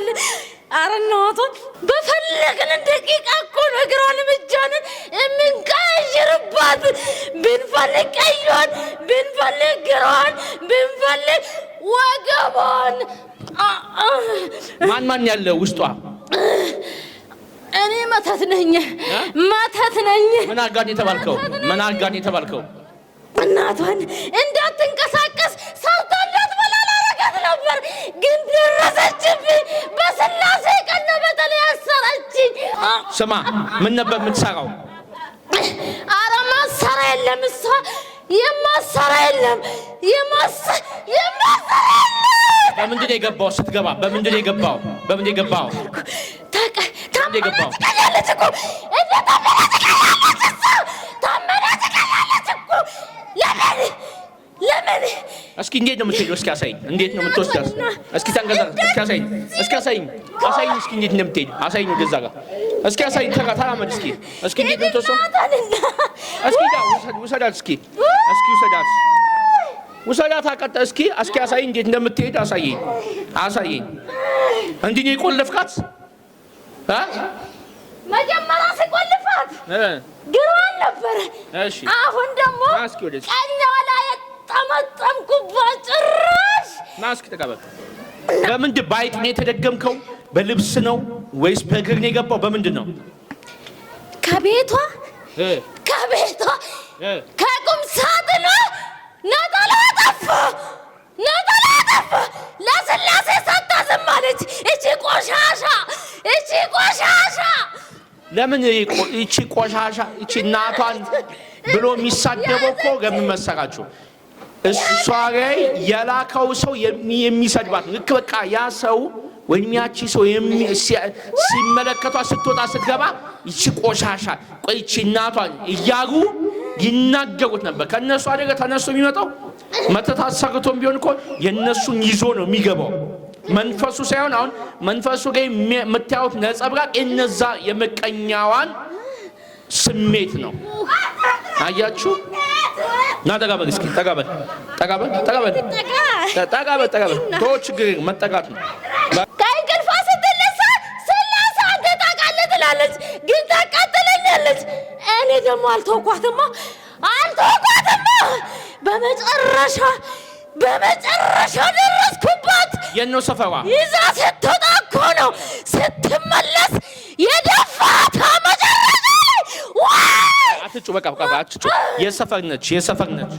ይላል። አረ እናቷ በፈለግን ደቂቃ እኮ ነው እግሯን እምጃንን የምንቀይርባት። ብንፈልግ ቀይሯን፣ ብንፈልግ ግራዋን፣ ብንፈልግ ወገቧን። ማን ማን ያለ ውስጧ? እኔ መተት ነኝ፣ መተት ነኝ። ምን አጋን የተባልከው? ምን አጋን የተባልከው? እናቷን እንዳትንቀ ግን ደረሰችብኝ። በስላሴ ቀን ነው በተለይ አሰረችኝ። ስማ፣ ምን ነበር የምትሰራው? ኧረ ማሰራ የለም እሷ የማሰራ የለም የማሰራ የለም። በምንድን ነው የገባው? ስትገባ በምንድን ነው የገባው? በምንድን ነው የገባው? ለምን ለምን እስኪ እንዴት ነው የምትሄጂው? እስኪ አሳይኝ። እንዴት ነው የምትወስዳት? እስኪ ተንቀሳቀስ። እስኪ አሳይኝ። እስኪ አሳይኝ። አሳይኝ። እስኪ እንዴት ነው የምትሄጂው? አሳይኝ። ወደዛ ጋር እስኪ አሳይኝ። ተራመድ። እስኪ እስኪ እንዴት ነው የምትወስደው? እስኪ ዳ ውሰዳት። እስኪ እስኪ ውሰዳት። ውሰዳት። አቀጣ እስኪ እስኪ አሳይኝ። እንዴት እንደምትሄድ አሳይኝ። አሳይኝ። እንዲህ ነው የቆለፍካት? አ መጀመሪያ ስቆልፋት ግሯን ነበር። አሁን ደግሞ ቀኛዋ ላይ ተጠመጠምኩባት ጭራሽ። ና እስኪ ተቀበል። በምንድን ባይጥ ነው የተደገምከው? በልብስ ነው ወይስ በእግር ነው የገባው? በምንድን ነው ከቤቷ ከቤቷ ከቁም ሳጥኗ ነጠላ ጠፋ፣ ነጠላ ጠፋ። ለስላሴ ሰጥታ ዝም አለች። እቺ ቆሻሻ፣ እቺ ቆሻሻ። ለምን እቺ ቆሻሻ፣ እቺ እናቷን ብሎ የሚሳደበው እኮ መሰራችሁ? እሷ ላይ የላከው ሰው የሚሰድባት ልክ በቃ ያ ሰው ወይም ያቺ ሰው ሲመለከቷ ስትወጣ ስትገባ ይቺ ቆሻሻ ቆይቺ እናቷን እያሉ ይናገሩት ነበር። ከእነሱ አደገ ተነሱ የሚመጣው መተታሰርቶም ቢሆን እኮ የእነሱን ይዞ ነው የሚገባው መንፈሱ ሳይሆን አሁን መንፈሱ ጋ የምታዩት ነጸብራቅ የነዛ የመቀኛዋን ስሜት ነው። አያችሁ። ና ጠጋ እስኪ ጠጋ በል ጠጋ በል ጠጋ በል ጠጋ በል ጠጋ በል ተወው፣ ችግር መጠጋት ነው። ከእንቅልፏ ስትነሳ ስላሳ አንተ ትላለች፣ ግን ታቃጥለኛለች። እኔ ደግሞ አልተውኳትማ አልተውኳትማ። በመጨረሻ በመጨረሻ ደረስኩባት። የኖ ሰፈሯ ይዛ ስትወጣ እኮ ነው ስትመለ በቃ በቃ አትጮ የሰፈር ነች የሰፈር ነች።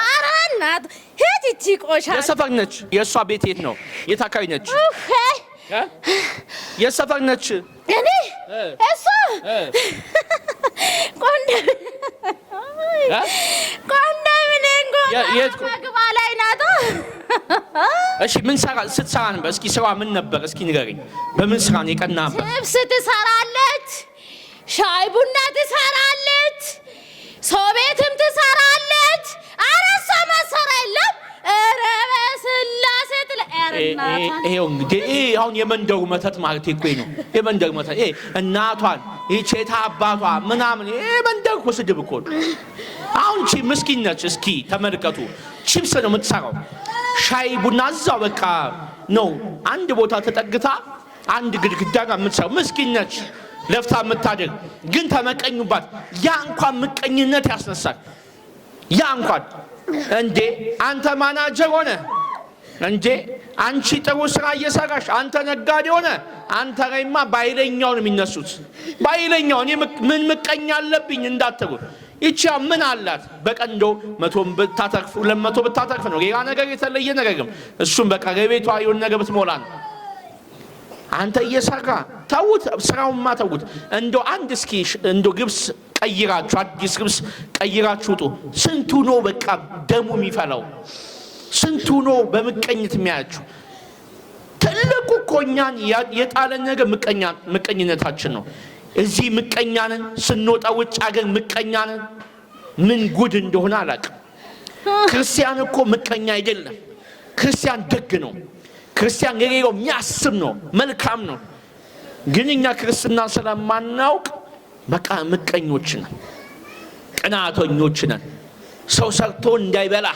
ኧረ እናት ሂድ ይቺ ቆሻል የሰፈር ነች። የእሷ ቤት የት ነው? የት አካባቢ ነች? የሰፈር ነች። እኔ እሱ ቆንደምኔ ላይ ናት። እሺ ምን ሰራ ስትሰራ ነበር? እስኪ ስራ ምን ነበር? እስኪ ንገረኝ። በምን ስራ ነው የቀናህበት? ልብስ ትሰራለች፣ ሻይ ቡና ትሰራለች። ሰው ቤትም ትሰራለች። ኧረ ሰው መሰራ የለም። ኧረ በስላሴ ትለ ይሄው እንግዲህ አሁን የመንደሩ መተት ማለት እኮ ነው። የመንደሩ መተት እናቷን ይቼታ አባቷ ምናምን የመንደር እኮ ስድብ እኮ ነው። አሁን ቺ ምስኪን እስኪ ተመልከቱ፣ ቺፕስ ነው የምትሰራው። ሻይ ቡና እዛው በቃ ነው አንድ ቦታ ተጠግታ አንድ ግድግዳ ጋር የምትሰራው ምስኪን ለፍታ የምታደግ ግን ተመቀኙባት። ያ እንኳን ምቀኝነት ያስነሳል። ያ እንኳን እንዴ አንተ ማናጀር ሆነ እንዴ አንቺ ጥሩ ስራ እየሰራሽ አንተ ነጋዴ ሆነ አንተ ላይማ ነው የሚነሱት ባይለኛው እኔ ምን ምቀኝ አለብኝ እንዳትሩ። ይቺ ምን አላት? በቀን እንደው መቶ ብታተርፍ ሁለት መቶ ብታተርፍ ነው ሌላ ነገር የተለየ ነገርም እሱም በቃ ገቤቷ የሆነ ነገር ብትሞላ ነው። አንተ እየሰራ ተዉት፣ ስራውማ ተዉት። እንዶ አንድ እስኪ እንዶ ግብስ ቀይራችሁ አዲስ ግብስ ቀይራችሁ ውጡ። ስንቱ ኖ በቃ ደሙ የሚፈላው ስንቱ ኖ በምቀኝት የሚያያችሁ። ትልቁ እኮ እኛን የጣለን ነገር ምቀኝነታችን ነው። እዚህ ምቀኛንን ስንወጣ ውጭ አገር ምቀኛንን ምን ጉድ እንደሆነ አላቅም። ክርስቲያን እኮ ምቀኛ አይደለም። ክርስቲያን ደግ ነው። ክርስቲያን የሌለው የሚያስብ ነው፣ መልካም ነው። ግን እኛ ክርስትና ስለማናውቅ በቃ ምቀኞች ነን፣ ቅናተኞች ነን። ሰው ሰርቶ እንዳይበላ፣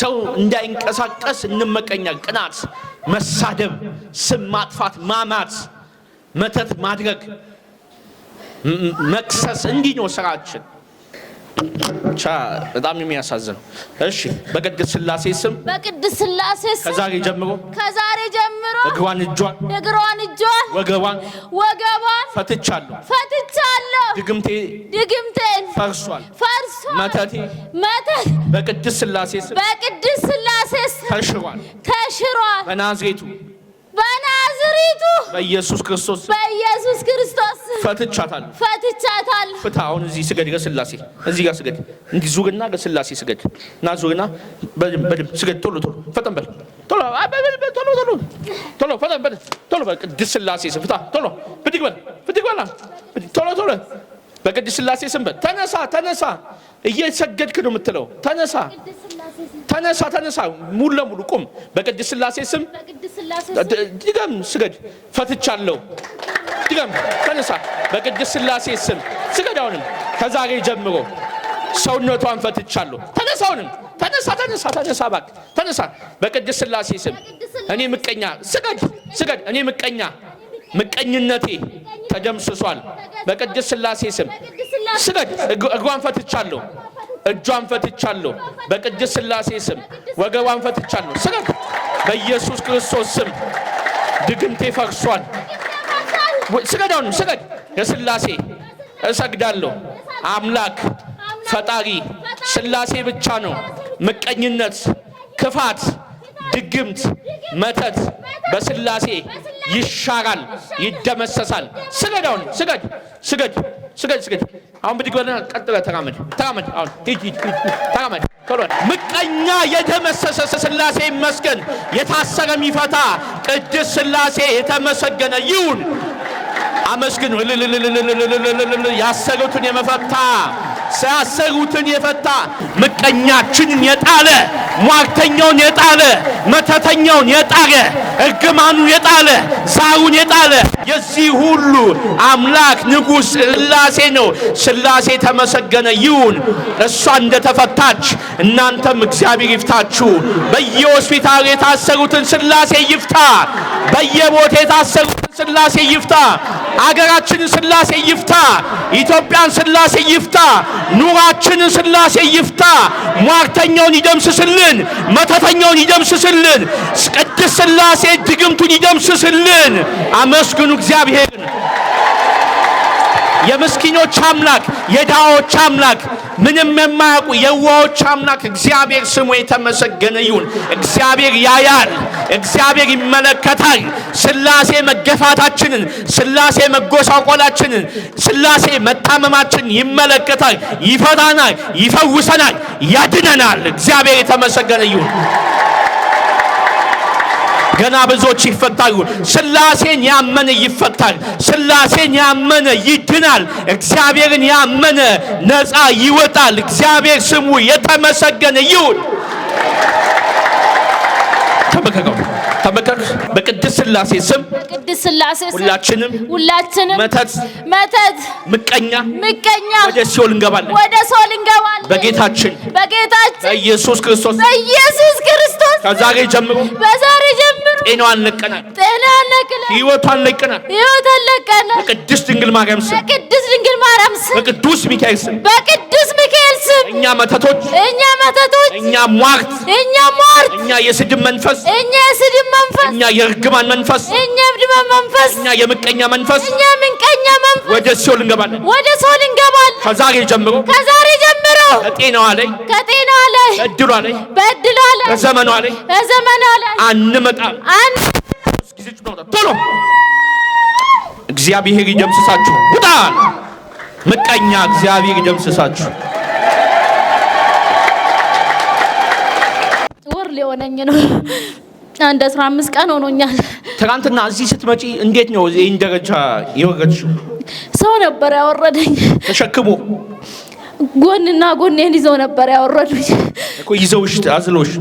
ሰው እንዳይንቀሳቀስ እንመቀኛ። ቅናት፣ መሳደብ፣ ስም ማጥፋት፣ ማማት፣ መተት ማድረግ፣ መክሰስ እንዲህ ነው ስራችን። ብቻ በጣም የሚያሳዝነው። እሺ፣ በቅድስት ስላሴ ስም በቅድስት ስላሴ ስም ከዛሬ ጀምሮ ከዛሬ ጀምሮ እግሯን እጇን እግሯን እጇን ወገቧን ወገቧን ፈትቻለሁ ፈትቻለሁ። ድግምቴ ድግምቴን ፈርሷል ፈርሷል። መተቴ መተት በቅድስት ስላሴ ስም በቅድስት ስላሴ ስም ተሽሯል ተሽሯል። በናዝሬቱ በናዝሬቱ በኢየሱስ ክርስቶስ በኢየሱስ ክርስቶስ ፈትቻታል ፈትቻታል። ፍታ። አሁን እዚህ ስገድ፣ ገስላሴ እዚህ ጋር ስገድ። እንዲህ ዙግና ገስላሴ ስገድ እና በደም በደም ስገድ። ቶሎ ቶሎ ፈጠን በል ቶሎ በል ቶሎ ቶሎ ቶሎ ፈጠን በል ቶሎ በል። ቅድስት ስላሴ ስም ፍታ። ቶሎ ብድግ በል ብድግ በል ቶሎ ቶሎ በቅድስት ስላሴ ስም በል። ተነሳ ተነሳ፣ እየሰገድክ ነው የምትለው። ተነሳ ተነሳ ተነሳ፣ ሙሉ ለሙሉ ቁም። በቅድስት ስላሴ ስም ድገም፣ ስገድ። ፈትቻለሁ ድገም፣ ተነሳ። በቅድስት ሥላሴ ስም ስገድ። አሁንም ከዛሬ ጀምሮ ሰውነቷን ፈትቻለሁ። ተነሳ፣ አሁንም ተነሳ፣ ተነሳ፣ ተነሳ፣ እባክህ ተነሳ። በቅድስት ሥላሴ ስም እኔ ምቀኛ፣ ስገድ፣ ስገድ። እኔ ምቀኛ፣ ምቀኝነቴ ተደምስሷል። በቅድስት ሥላሴ ስም ስገድ። እግሯን ፈትቻለሁ፣ እጇን ፈትቻለሁ። በቅድስት ሥላሴ ስም ወገቧን ፈትቻለሁ። ስገድ። በኢየሱስ ክርስቶስ ስም ድግምቴ ፈርሷል። ስገድ፣ ስገድ። የስላሴ እሰግዳለሁ። አምላክ ፈጣሪ ስላሴ ብቻ ነው። ምቀኝነት፣ ክፋት፣ ድግምት፣ መተት በስላሴ ይሻራል፣ ይደመሰሳል። ስገዳውን ስገድ፣ ስገድ፣ ስገድ፣ ስገድ። አሁን ብድግ በለና ቀጥለ ተራመድ፣ ተራመድ፣ አሁን ሂድ፣ ሂድ፣ ተራመድ። ምቀኛ የደመሰሰ ስላሴ ይመስገን። የታሰረ የሚፈታ ቅድስ ስላሴ የተመሰገነ ይሁን። አመስግኑ። ያሰሩትን የመፈታ ሳያሰጉትን የፈታ ምቀኛችንን የጣለ ሟርተኛውን የጣለ መተተኛውን የጣለ እርግማኑን የጣለ ዛሩን የጣለ የዚህ ሁሉ አምላክ ንጉሥ ስላሴ ነው። ስላሴ ተመሰገነ ይሁን። እሷ እንደተፈታች እናንተም እግዚአብሔር ይፍታችሁ። በየሆስፒታሉ የታሰሩትን ስላሴ ይፍታ። በየቦታ የታሰሩትን ስላሴ ይፍታ። አገራችንን ስላሴ ይፍታ። ኢትዮጵያን ስላሴ ይፍታ። ኑሯችንን ስላሴ ይፍታ። ሟርተኛውን ይደምስስልን። መተተኛውን ይደምስስልን። ይመልስልን። ቅድስት ሥላሴ ድግምቱን ይደምስስልን። አመስግኑ እግዚአብሔርን። የምስኪኖች አምላክ፣ የድሃዎች አምላክ፣ ምንም የማያውቁ የዋዎች አምላክ እግዚአብሔር ስሙ የተመሰገነ ይሁን። እግዚአብሔር ያያል፣ እግዚአብሔር ይመለከታል። ሥላሴ መገፋታችንን፣ ሥላሴ መጎሳቆላችንን፣ ሥላሴ መታመማችንን ይመለከታል፣ ይፈታናል፣ ይፈውሰናል፣ ያድነናል። እግዚአብሔር የተመሰገነ ይሁን። ገና ብዙዎች ይፈታሉ። ስላሴን ያመነ ይፈታል። ስላሴን ያመነ ይድናል። እግዚአብሔርን ያመነ ነፃ ይወጣል። እግዚአብሔር ስሙ የተመሰገነ ይሁን። ተመከከው ተመከቅ በቅድስ ስላሴ ስም በቅድስ ስላሴ ስም ሁላችንም ሁላችንም መተት መተት ምቀኛ ምቀኛ ወደ ሲኦል እንገባለን ወደ ሲኦል እንገባለን። በጌታችን በጌታችን በኢየሱስ ክርስቶስ በኢየሱስ ክርስቶስ ከዛሬ ጀምሮ በዛሬ ጤናዋን ለቀናል፣ ጤናዋን ለቀናል፣ ህይወቷን ለቀናል፣ ህይወቷን ለቀናል። በቅድስት ድንግል ማርያም ስም፣ በቅድስት ድንግል ማርያም ስም፣ በቅዱስ ሚካኤል ስም፣ በቅዱስ እኛ መተቶች፣ እኛ መተቶች፣ እኛ ሟርት፣ እኛ ሟርት፣ እኛ የስድብ መንፈስ፣ እኛ የስድብ መንፈስ፣ እኛ የርግማን መንፈስ፣ እኛ የብድማን መንፈስ፣ እኛ የምቀኛ መንፈስ፣ እኛ ምንቀኛ መንፈስ ወደ ሲኦል እንገባለን፣ ወደ ሲኦል እንገባለን። ከዛሬ ጀምሮ ከዛሬ ጀምሮ ከጤናዋ ላይ ከጤናዋ ላይ በድሏ ላይ በድሏ ላይ በዘመኗ ላይ በዘመኗ ላይ አንመጣም። ቶሎ እግዚአብሔር ይደምስሳችሁ። ውጣ ምቀኛ፣ እግዚአብሔር ይደምስሳችሁ። እየሆነኝ ነው። አንድ አስራ አምስት ቀን ሆኖኛል። ትናንትና እዚህ ስትመጪ እንዴት ነው ይህን ደረጃ የወረድሽው? ሰው ነበር ያወረደኝ ተሸክሞ ጎንና ጎኔን ይዘው ነበር ያወረዱኝ እኮ ይዘውሽ አዝሎሽ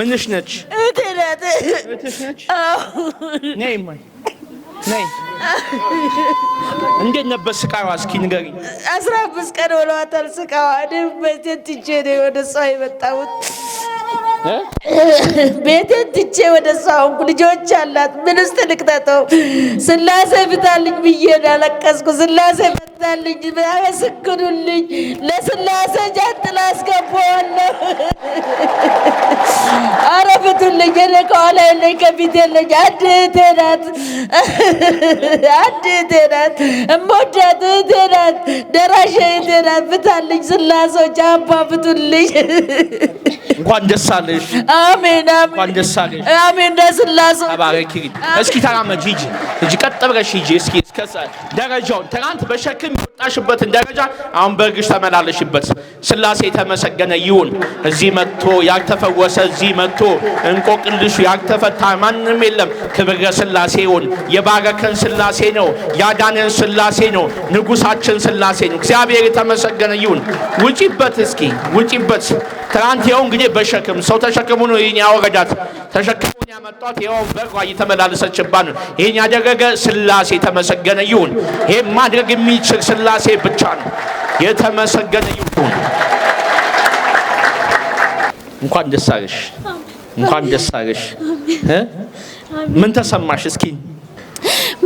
ምንሽ ነች? ነይ። እንዴት ነበር ስቃዋ? እስኪ ንገሪኝ። አስራ አምስት ቀን ሆኗታል ስቃዋ። እኔም ቤቴን ትቼ ነው ወደ እሷ የመጣሁት። ቤቴን ትቼ ወደ እሷ ሆንኩ። ልጆች አላት። ምን ውስጥ ልቅጠጠው? ስላሴ ፍታልኝ ብዬ ያለቀስኩ ስላሴ መታልኝ። አመስግኑልኝ። ለስላሴ ጃንጥላ አስገባዋለሁ። አረ ፍቱልኝ። እኔ ከኋላ የለኝ ከፊት የለኝ። አንድ እህቴ ናት፣ አንድ እህቴ ናት፣ እምወዳት እህቴ ናት፣ ደራሽ እህቴ ናት። ፍታልኝ ስላሶች፣ አባ ፍቱልኝ። እንኳን ደስ አለሽ። አሜን አሜን፣ ደስ አለሽ። አሜን ደስ ላሶ ተባረኪ። እስኪ ተራመጂ ሂጂ፣ ቀጥ ብለሽ ሂጂ። እስኪ እስከ ደረጃውን ትናንት በሸክ ቅድም የወጣሽበትን ደረጃ አሁን በእግሽ ተመላለሽበት። ስላሴ የተመሰገነ ይሁን። እዚህ መጥቶ ያልተፈወሰ እዚህ መጥቶ እንቆቅልሹ ያልተፈታ ማንም የለም። ክብረ ስላሴ ይሁን። የባረከን ስላሴ ነው። ያዳነን ስላሴ ነው። ንጉሳችን ስላሴ ነው። እግዚአብሔር የተመሰገነ ይሁን። ውጪበት፣ እስኪ ውጪበት። ትናንት ይኸው እንግዲህ በሸክም ሰው ተሸክሙ ነው ይህን ያወረዳት ተሸክሙን ያመጧት ይኸው በሯ እየተመላለሰችባት ነው። ይህን ያደረገ ስላሴ የተመሰገነ ይሁን። ይህም ማድረግ የሚችል ቅድስት ስላሴ ብቻ ነው። የተመሰገነ ይሁን። እንኳን ደስ አለሽ፣ እንኳን ደስ አለሽ። ምን ተሰማሽ እስኪ?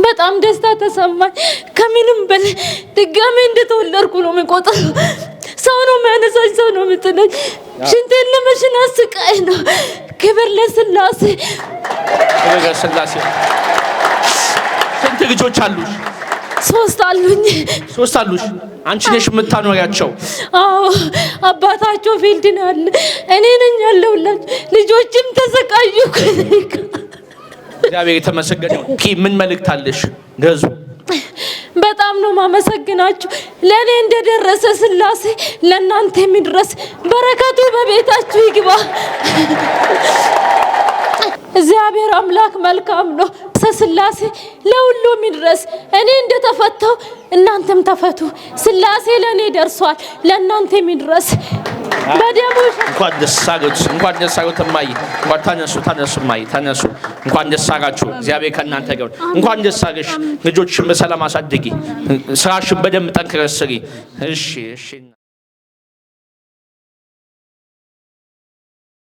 በጣም ደስታ ተሰማኝ። ከምንም በላይ ድጋሜ እንደተወለድኩ ነው የምቆጥረው። ሰው ነው የሚያነሳኝ፣ ሰው ነው የምጥለኝ። ሽንቴን ለመሽና ስቃይ ነው። ክብር ለስላሴ፣ ክብር ለሥላሴ። ስንት ልጆች አሉሽ? ሶስት አሉኝ። ሶስት አሉሽ። አንቺ ነሽ የምታኖሪያቸው? አዎ፣ አባታቸው ፊልድ ነው ያለ። እኔ ነኝ ያለሁላችሁ። ልጆችም ተሰቃዩ። እግዚአብሔር የተመሰገነ። ምን መልእክት አለሽ በጣም ነው ማመሰግናችሁ። ለእኔ እንደደረሰ ስላሴ ለእናንተ የሚድረስ በረከቱ በቤታችሁ ይግባ። እግዚአብሔር አምላክ መልካም ነው። ቅድስተ ስላሴ ለሁሉም ይድረስ። እኔ እንደተፈታው እናንተም ተፈቱ። ስላሴ ለእኔ ደርሷል፣ ለእናንተም ይድረስ። በደሙ እንኳን ደስ አላችሁ፣ እንኳን ደስ አላችሁ። እማዬ እንኳን ተነሱ፣ ተነሱ፣ እማዬ ተነሱ። እንኳን ደስ አላችሁ። እግዚአብሔር ከእናንተ ጋር። እንኳን ደስ አለሽ። ልጆችሽን በሰላም አሳድጊ። ስራሽን በደንብ ጠንክረሽ ስሪ። እሺ፣ እሺ።